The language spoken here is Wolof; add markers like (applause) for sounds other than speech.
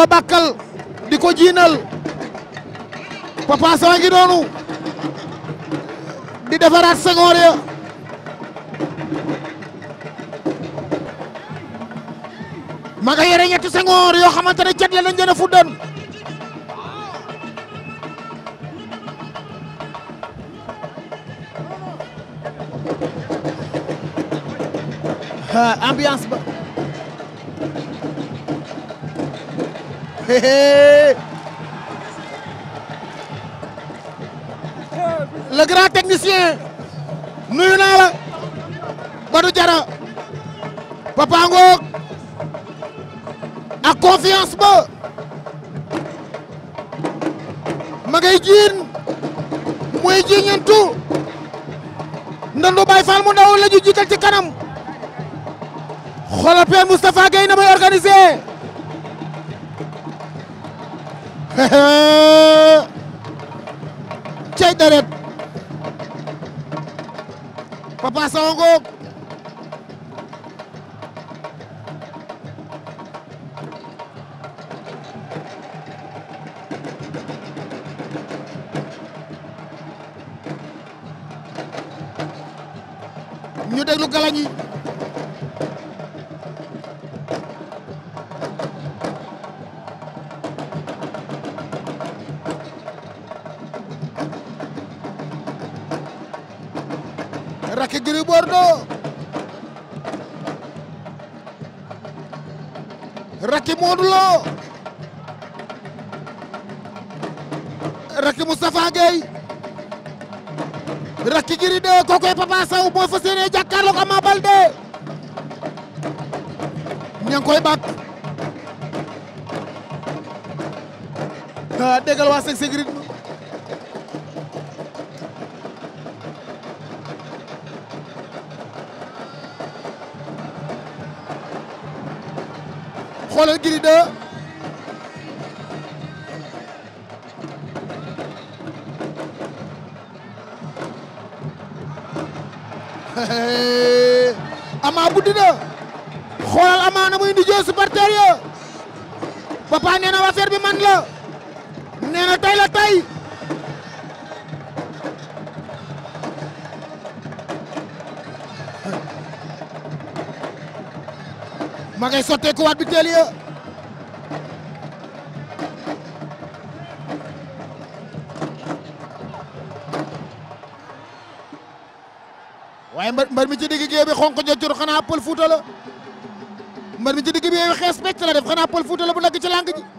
diko bakal di jinal Papa Sow a di defaraat sengoor ya maka yere ñet ñetti yo ya, xamantene ciat la ya, lañ fuddan ambiance (laughs) le grand technicien nuyu naa la Badou Diarra Papa Ngok ak ba ma ngay jiin mooy jiiñantu ndandu Baye mu ndaw la ñu jiital ci kanam xoolal Père Moustapha Gueye may organiser (laughs) cey deret Papa Sow ñu déglu galañ yi Bordeaux rakki Modou Lo rakki Moustapha Gueye rakki Gris 2 kookoy Papa Sow mooy fas yéene jàkkaarloog Ama Baldé ña ngi koy bàkk ah, déggal waa Seck Sécurité xoolal Gris buddi na xoolal ama na muy indi joo ya papa nee na affaire bi man la nee na tey la tey ma ngay sotteeku waat biteel ya waaye mbër mi ci digg géew bi xonq jocur xanaa pël fuuta la mbër mi ci digg géew bi xees pecc la def xanaa pël fuuta la bu nekk ci làng gi